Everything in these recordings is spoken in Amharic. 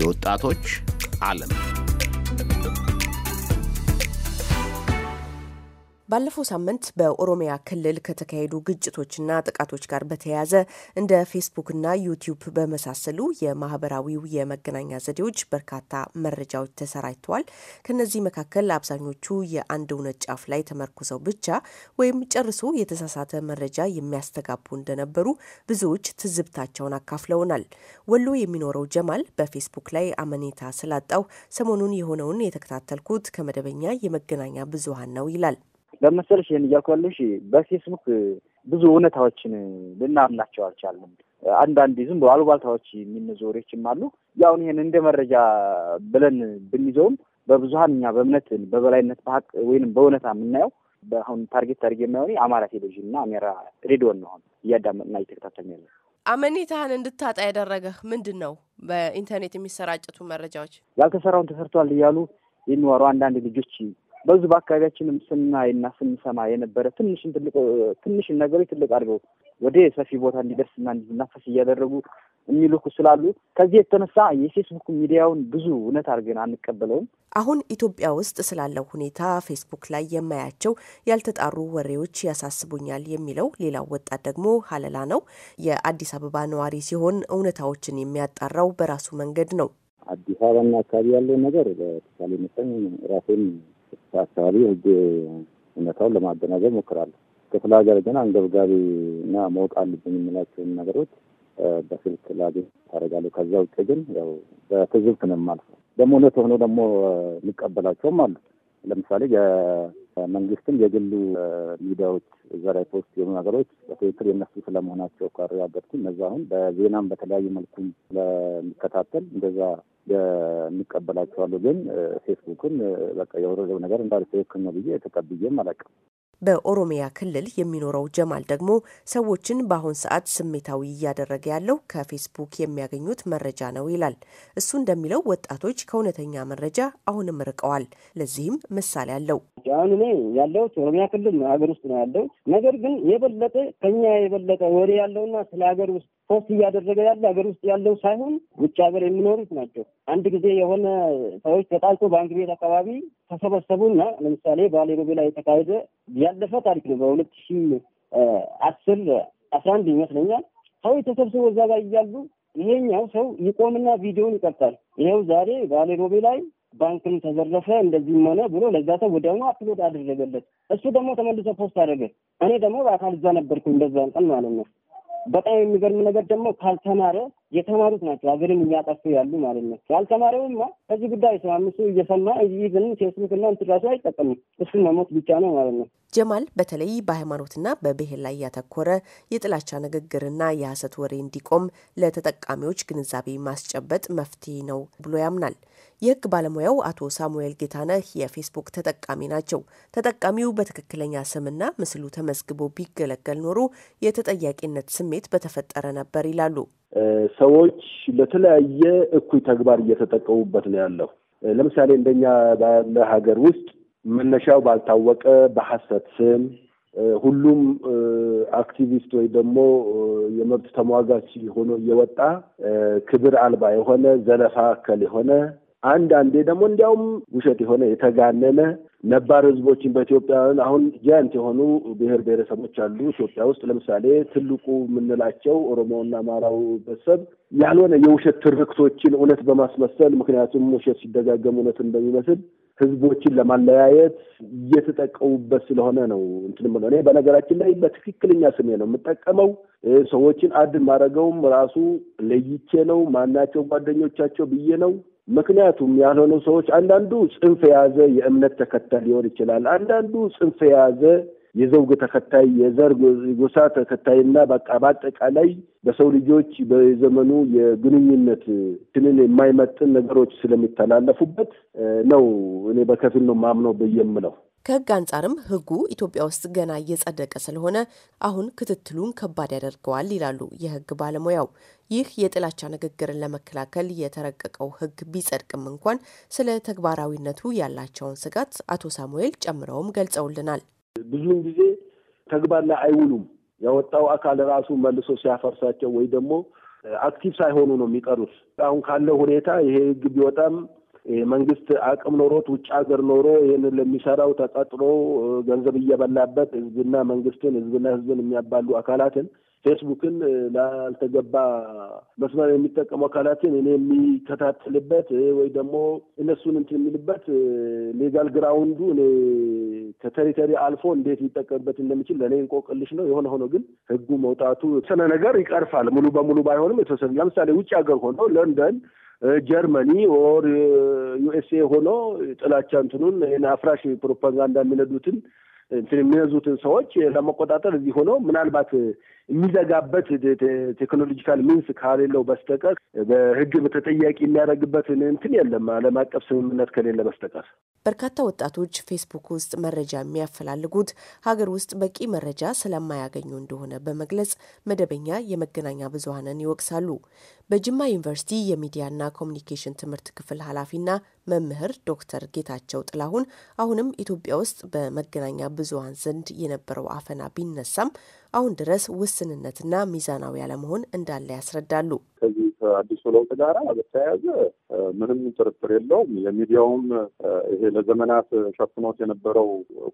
የወጣቶች ዓለም ባለፈው ሳምንት በኦሮሚያ ክልል ከተካሄዱ ግጭቶችና ጥቃቶች ጋር በተያያዘ እንደ ፌስቡክና ዩቲዩብ በመሳሰሉ የማህበራዊው የመገናኛ ዘዴዎች በርካታ መረጃዎች ተሰራጭተዋል። ከነዚህ መካከል አብዛኞቹ የአንድ እውነት ጫፍ ላይ ተመርኩዘው ብቻ ወይም ጨርሶ የተሳሳተ መረጃ የሚያስተጋቡ እንደነበሩ ብዙዎች ትዝብታቸውን አካፍለውናል። ወሎ የሚኖረው ጀማል በፌስቡክ ላይ አመኔታ ስላጣው ሰሞኑን የሆነውን የተከታተልኩት ከመደበኛ የመገናኛ ብዙሃን ነው ይላል። ለመሰለሽ ይህን እያልኳለሽ በፌስቡክ ብዙ እውነታዎችን ልናምናቸው አልቻለም። አንዳንድ ዝም አሉባልታዎች የሚነዙ ወሬዎችም አሉ። ያሁን ይህን እንደ መረጃ ብለን ብንይዘውም በብዙሀን እኛ በእምነት በበላይነት በሀቅ ወይንም በእውነታ የምናየው አሁን ታርጌት ታርጌ የማይሆን አማራ ቴሌቪዥን እና አሜራ ሬዲዮን ነው እያዳመጥና እየተከታተል ያለ። አመኔታህን እንድታጣ ያደረገህ ምንድን ነው? በኢንተርኔት የሚሰራጨቱ መረጃዎች ያልተሰራውን ተሰርቷል እያሉ የሚወሩ አንዳንድ ልጆች በብዙ በአካባቢያችንም ስናይና ስንሰማ የነበረ ትንሽን ትልቅ ትንሽን ነገሮች ትልቅ አድርገው ወደ ሰፊ ቦታ እንዲደርስና እንዲናፈስ እያደረጉ የሚልኩ ስላሉ ከዚህ የተነሳ የፌስቡክ ሚዲያውን ብዙ እውነት አድርገን አንቀበለውም። አሁን ኢትዮጵያ ውስጥ ስላለው ሁኔታ ፌስቡክ ላይ የማያቸው ያልተጣሩ ወሬዎች ያሳስቡኛል የሚለው ሌላው ወጣት ደግሞ ሀለላ ነው። የአዲስ አበባ ነዋሪ ሲሆን እውነታዎችን የሚያጣራው በራሱ መንገድ ነው። አዲስ አበባና አካባቢ ያለው ነገር በተቻለ መጠን ራሴን አካባቢ ህግ እውነታውን ለማገናዘብ ሞክራለሁ። ክፍለ ሀገር ግን አንገብጋቢ እና መውጣ አለብኝ የምላቸውን ነገሮች በስልክ ላገኝ ታደርጋለሁ። ከዛ ውጭ ግን ያው በትዝብት ነው ማለት ነው። ደግሞ እውነት ሆኖ ደግሞ የሚቀበላቸውም አሉ። ለምሳሌ የመንግስትም የግሉ ሚዲያዎች እዛ ላይ ፖስት የሆኑ ነገሮች በትክክል የነሱ ስለመሆናቸው ካረጋገጥኩ እነዛ አሁን በዜናም በተለያዩ መልኩም ለሚከታተል እንደዛ እንቀበላቸዋለሁ ግን ፌስቡክን በቃ የወረደው ነገር እንዳለ ነው ብዬ ተቀብዬም አላውቅም። በኦሮሚያ ክልል የሚኖረው ጀማል ደግሞ ሰዎችን በአሁን ሰዓት ስሜታዊ እያደረገ ያለው ከፌስቡክ የሚያገኙት መረጃ ነው ይላል። እሱ እንደሚለው ወጣቶች ከእውነተኛ መረጃ አሁንም ርቀዋል። ለዚህም ምሳሌ አለው። አሁን እኔ ያለሁት ኦሮሚያ ክልል ሀገር ውስጥ ነው ያለው። ነገር ግን የበለጠ ከኛ የበለጠ ወሬ ያለውና ስለ ሀገር ውስጥ ፖስት እያደረገ ያለ ሀገር ውስጥ ያለው ሳይሆን ውጭ ሀገር የሚኖሩት ናቸው። አንድ ጊዜ የሆነ ሰዎች ተጣልቶ ባንክ ቤት አካባቢ ተሰበሰቡና ለምሳሌ ባሌ ሮቤ ላይ የተካሄደ ያለፈ ታሪክ ነው። በሁለት ሺ አስር አስራ አንድ ይመስለኛል። ሰዎች ተሰብስቦ እዛ ጋር እያሉ ይሄኛው ሰው ይቆምና ቪዲዮን ይቀርጣል። ይኸው ዛሬ ባሌ ሮቤ ላይ ባንክም ተዘረፈ እንደዚህም ሆነ ብሎ ለዛ ሰው ወዲያውኑ አፕሎድ አደረገለት። እሱ ደግሞ ተመልሶ ፖስት አደረገ። እኔ ደግሞ በአካል እዛ ነበርኩኝ እንደዛ ቀን ማለት ነው። በጣም የሚገርም ነገር ደግሞ ካልተማረ የተማሩት ናቸው ሀገርን የሚያጠፉ ያሉ ማለት ነው። ያልተማረውማ ከዚህ ጉዳይ አይሰማም። አምስቱ እየሰማ እዚህን ፌስቡክና እንትን ራሱ አይጠቀምም። እሱ መሞት ብቻ ነው ማለት ነው። ጀማል በተለይ በሃይማኖትና በብሔር ላይ ያተኮረ የጥላቻ ንግግርና የሐሰት ወሬ እንዲቆም ለተጠቃሚዎች ግንዛቤ ማስጨበጥ መፍትሄ ነው ብሎ ያምናል። የህግ ባለሙያው አቶ ሳሙኤል ጌታነህ የፌስቡክ ተጠቃሚ ናቸው። ተጠቃሚው በትክክለኛ ስምና ምስሉ ተመዝግቦ ቢገለገል ኖሮ የተጠያቂነት ስሜት በተፈጠረ ነበር ይላሉ። ሰዎች ለተለያየ እኩይ ተግባር እየተጠቀሙበት ነው ያለው። ለምሳሌ እንደኛ ባለ ሀገር ውስጥ መነሻው ባልታወቀ በሐሰት ስም ሁሉም አክቲቪስት ወይ ደግሞ የመብት ተሟጋች ሆኖ እየወጣ ክብር አልባ የሆነ ዘለፋ አከል የሆነ አንዳንዴ ደግሞ እንዲያውም ውሸት የሆነ የተጋነነ ነባር ህዝቦችን በኢትዮጵያውያን አሁን ጃንት የሆኑ ብሔር ብሔረሰቦች አሉ ኢትዮጵያ ውስጥ። ለምሳሌ ትልቁ የምንላቸው ኦሮሞና አማራው ቤተሰብ ያልሆነ የውሸት ትርክቶችን እውነት በማስመሰል ምክንያቱም ውሸት ሲደጋገም እውነት እንደሚመስል ህዝቦችን ለማለያየት እየተጠቀሙበት ስለሆነ ነው። እንትን ምለ እኔ በነገራችን ላይ በትክክለኛ ስሜ ነው የምጠቀመው። ሰዎችን አድ ማድረገውም ራሱ ለይቼ ነው ማናቸው ጓደኞቻቸው ብዬ ነው ምክንያቱም ያልሆነው ሰዎች አንዳንዱ ጽንፍ የያዘ የእምነት ተከታይ ሊሆን ይችላል። አንዳንዱ ጽንፍ የያዘ የዘውግ ተከታይ፣ የዘር ጎሳ ተከታይና በቃ በአጠቃላይ በሰው ልጆች በዘመኑ የግንኙነት ትንን የማይመጥን ነገሮች ስለሚተላለፉበት ነው እኔ በከፊል ነው ማምነው ብዬ የምለው። ከህግ አንጻርም ህጉ ኢትዮጵያ ውስጥ ገና እየጸደቀ ስለሆነ አሁን ክትትሉን ከባድ ያደርገዋል ይላሉ የህግ ባለሙያው። ይህ የጥላቻ ንግግርን ለመከላከል የተረቀቀው ህግ ቢጸድቅም እንኳን ስለ ተግባራዊነቱ ያላቸውን ስጋት አቶ ሳሙኤል ጨምረውም ገልጸውልናል። ብዙውን ጊዜ ተግባር ላይ አይውሉም። ያወጣው አካል ራሱ መልሶ ሲያፈርሳቸው ወይ ደግሞ አክቲቭ ሳይሆኑ ነው የሚቀሩት። አሁን ካለው ሁኔታ ይሄ ህግ ቢወጣም መንግስት አቅም ኖሮት ውጭ ሀገር ኖሮ ይህን ለሚሰራው ተቀጥሮ ገንዘብ እየበላበት ህዝብና መንግስትን ህዝብና ህዝብን የሚያባሉ አካላትን ፌስቡክን ላልተገባ መስመር የሚጠቀሙ አካላትን እኔ የሚከታተልበት ወይ ደግሞ እነሱን እንትን የሚልበት ሌጋል ግራውንዱ እኔ ከቴሪተሪ አልፎ እንዴት ሊጠቀምበት እንደሚችል ለእኔ እንቆቅልሽ ነው። የሆነ ሆኖ ግን ህጉ መውጣቱ ስነ ነገር ይቀርፋል። ሙሉ በሙሉ ባይሆንም የተወሰነ ለምሳሌ ውጭ ሀገር ሆኖ ለንደን ጀርመኒ ኦር ዩኤስኤ ሆኖ ጥላቻ እንትኑን ይህን አፍራሽ ፕሮፓጋንዳ የሚነዱትን እንትን የሚነዙትን ሰዎች ለመቆጣጠር እዚህ ሆኖ ምናልባት የሚዘጋበት ቴክኖሎጂካል ሚንስ ካሌለው በስተቀር በህግ ተጠያቂ የሚያደርግበት እንትን የለም፣ አለም አቀፍ ስምምነት ከሌለ በስተቀር። በርካታ ወጣቶች ፌስቡክ ውስጥ መረጃ የሚያፈላልጉት ሀገር ውስጥ በቂ መረጃ ስለማያገኙ እንደሆነ በመግለጽ መደበኛ የመገናኛ ብዙሀንን ይወቅሳሉ። በጅማ ዩኒቨርሲቲ የሚዲያና ኮሚኒኬሽን ትምህርት ክፍል ኃላፊና መምህር ዶክተር ጌታቸው ጥላሁን አሁንም ኢትዮጵያ ውስጥ በመገናኛ ብዙሀን ዘንድ የነበረው አፈና ቢነሳም አሁን ድረስ ውስ ውስንነትና ሚዛናዊ ያለመሆን እንዳለ ያስረዳሉ። ከዚህ ከአዲሱ ለውጥ ጋር በተያያዘ ምንም ጥርጥር የለውም። የሚዲያውም ይሄ ለዘመናት ሸፍኖት የነበረው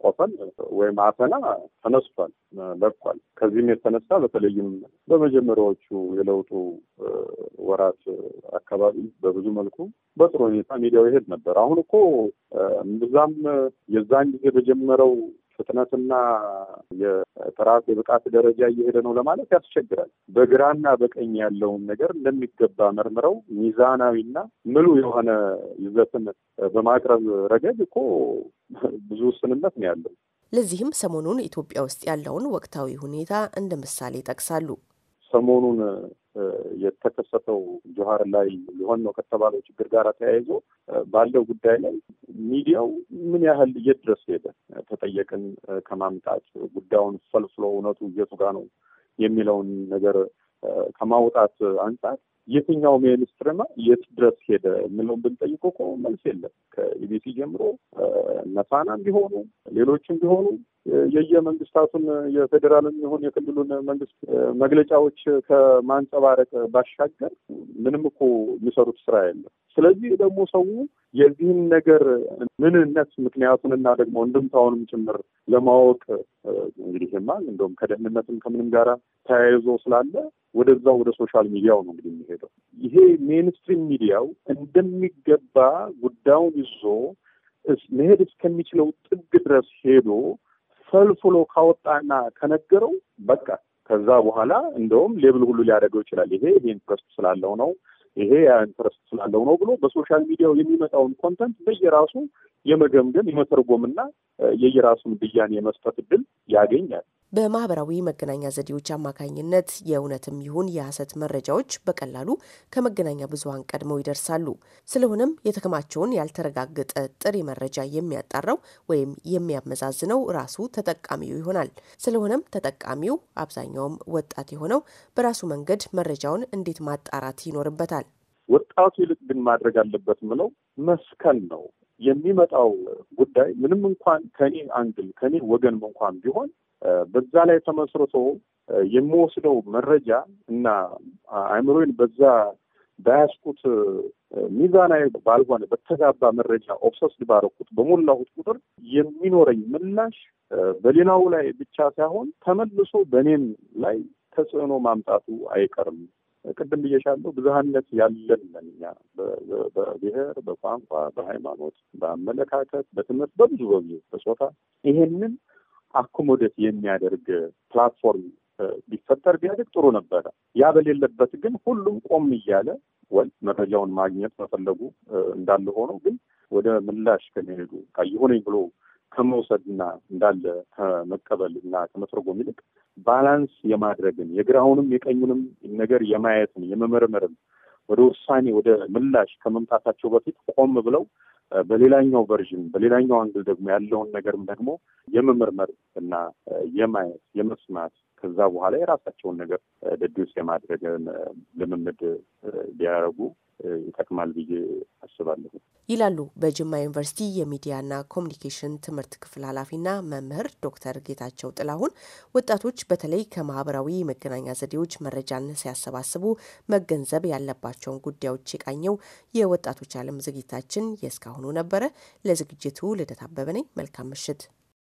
ቆፈን ወይም አፈና ተነስቷል፣ ለቋል። ከዚህም የተነሳ በተለይም በመጀመሪያዎቹ የለውጡ ወራት አካባቢ በብዙ መልኩ በጥሩ ሁኔታ ሚዲያው ይሄድ ነበር። አሁን እኮ እምብዛም የዛን ጊዜ በጀመረው ፍጥነትና የጥራት የብቃት ደረጃ እየሄደ ነው ለማለት ያስቸግራል። በግራና በቀኝ ያለውን ነገር እንደሚገባ መርምረው ሚዛናዊና ምሉ የሆነ ይዘትን በማቅረብ ረገድ እኮ ብዙ ውስንነት ነው ያለው። ለዚህም ሰሞኑን ኢትዮጵያ ውስጥ ያለውን ወቅታዊ ሁኔታ እንደ ምሳሌ ይጠቅሳሉ። ሰሞኑን የተከሰተው ጆሀር ላይ ሊሆን ነው ከተባለው ችግር ጋር ተያይዞ ባለው ጉዳይ ላይ ሚዲያው ምን ያህል የት ድረስ ሄደ? ተጠየቅን ከማምጣት ጉዳዩን ፈልፍሎ እውነቱ የቱ ጋር ነው የሚለውን ነገር ከማውጣት አንጻር የትኛው ሚኒስትርና የት ድረስ ሄደ የምለውን ብንጠይቅ እኮ መልስ የለም። ከኢቢሲ ጀምሮ እነ ቢሆኑ ሌሎችም ቢሆኑ የየመንግስታቱን የፌዴራልን ይሁን የክልሉን መንግስት መግለጫዎች ከማንጸባረቅ ባሻገር ምንም እኮ የሚሰሩት ስራ የለም። ስለዚህ ደግሞ ሰው የዚህን ነገር ምንነት ምክንያቱንና ደግሞ እንድምታውንም ጭምር ለማወቅ እንግዲህማ እንደውም ከደህንነትም ከምንም ጋራ ተያይዞ ስላለ ወደዛ ወደ ሶሻል ሚዲያው ነው እንግዲህ የሚሄደው። ይሄ ሜንስትሪም ሚዲያው እንደሚገባ ጉዳዩን ይዞ መሄድ እስከሚችለው ጥግ ድረስ ሄዶ ፈልፍሎ ካወጣና ከነገረው በቃ ከዛ በኋላ እንደውም ሌብል ሁሉ ሊያደርገው ይችላል። ይሄ ይሄ ኢንትረስት ስላለው ነው፣ ይሄ ያ ኢንትረስት ስላለው ነው ብሎ በሶሻል ሚዲያው የሚመጣውን ኮንተንት በየራሱ የመገምገም የመተርጎምና የየራሱን ብያኔ የመስጠት እድል ያገኛል። በማህበራዊ መገናኛ ዘዴዎች አማካኝነት የእውነትም ይሁን የሐሰት መረጃዎች በቀላሉ ከመገናኛ ብዙሃን ቀድመው ይደርሳሉ። ስለሆነም የተከማቸውን ያልተረጋገጠ ጥሬ መረጃ የሚያጣራው ወይም የሚያመዛዝነው ራሱ ተጠቃሚው ይሆናል። ስለሆነም ተጠቃሚው አብዛኛውም ወጣት የሆነው በራሱ መንገድ መረጃውን እንዴት ማጣራት ይኖርበታል? ወጣቱ ይልቅ ግን ማድረግ አለበት ምለው መስከን ነው የሚመጣው ጉዳይ ምንም እንኳን ከኔ አንግል ከኔ ወገንም እንኳን ቢሆን በዛ ላይ ተመስርቶ የምወስደው መረጃ እና አእምሮዬን በዛ በያዝኩት ሚዛናዊ ባልሆነ በተዛባ መረጃ ኦብሰስድ ባረኩት በሞላሁት ቁጥር የሚኖረኝ ምላሽ በሌላው ላይ ብቻ ሳይሆን ተመልሶ በእኔም ላይ ተጽዕኖ ማምጣቱ አይቀርም። ቅድም ብዬሻለሁ። ብዝሃነት ያለን ነን እኛ በብሔር፣ በቋንቋ፣ በሃይማኖት፣ በአመለካከት፣ በትምህርት፣ በብዙ በብዙ በጾታ ይሄንን አኮሞዴት የሚያደርግ ፕላትፎርም ቢፈጠር ቢያደግ ጥሩ ነበረ። ያ በሌለበት ግን ሁሉም ቆም እያለ ወል መረጃውን ማግኘት መፈለጉ እንዳለ ሆኖ ግን ወደ ምላሽ ከሚሄዱ የሆነኝ ብሎ ከመውሰድና እንዳለ ከመቀበል እና ከመተርጎም ይልቅ ባላንስ የማድረግን የግራውንም የቀኙንም ነገር የማየትን የመመርመርን ወደ ውሳኔ ወደ ምላሽ ከመምጣታቸው በፊት ቆም ብለው በሌላኛው ቨርዥን በሌላኛው አንግል ደግሞ ያለውን ነገርም ደግሞ የመመርመር እና የማየት የመስማት ከዛ በኋላ የራሳቸውን ነገር ደዱስ የማድረግ ልምምድ ሊያደርጉ ይጠቅማል ብዬ አስባለሁ ይላሉ በጅማ ዩኒቨርሲቲ የሚዲያና ኮሚኒኬሽን ትምህርት ክፍል ኃላፊና መምህር ዶክተር ጌታቸው ጥላሁን። ወጣቶች በተለይ ከማህበራዊ መገናኛ ዘዴዎች መረጃን ሲያሰባስቡ መገንዘብ ያለባቸውን ጉዳዮች የቃኘው የወጣቶች ዓለም ዝግጅታችን የእስካሁኑ ነበረ። ለዝግጅቱ ልደት አበበ ነኝ። መልካም ምሽት።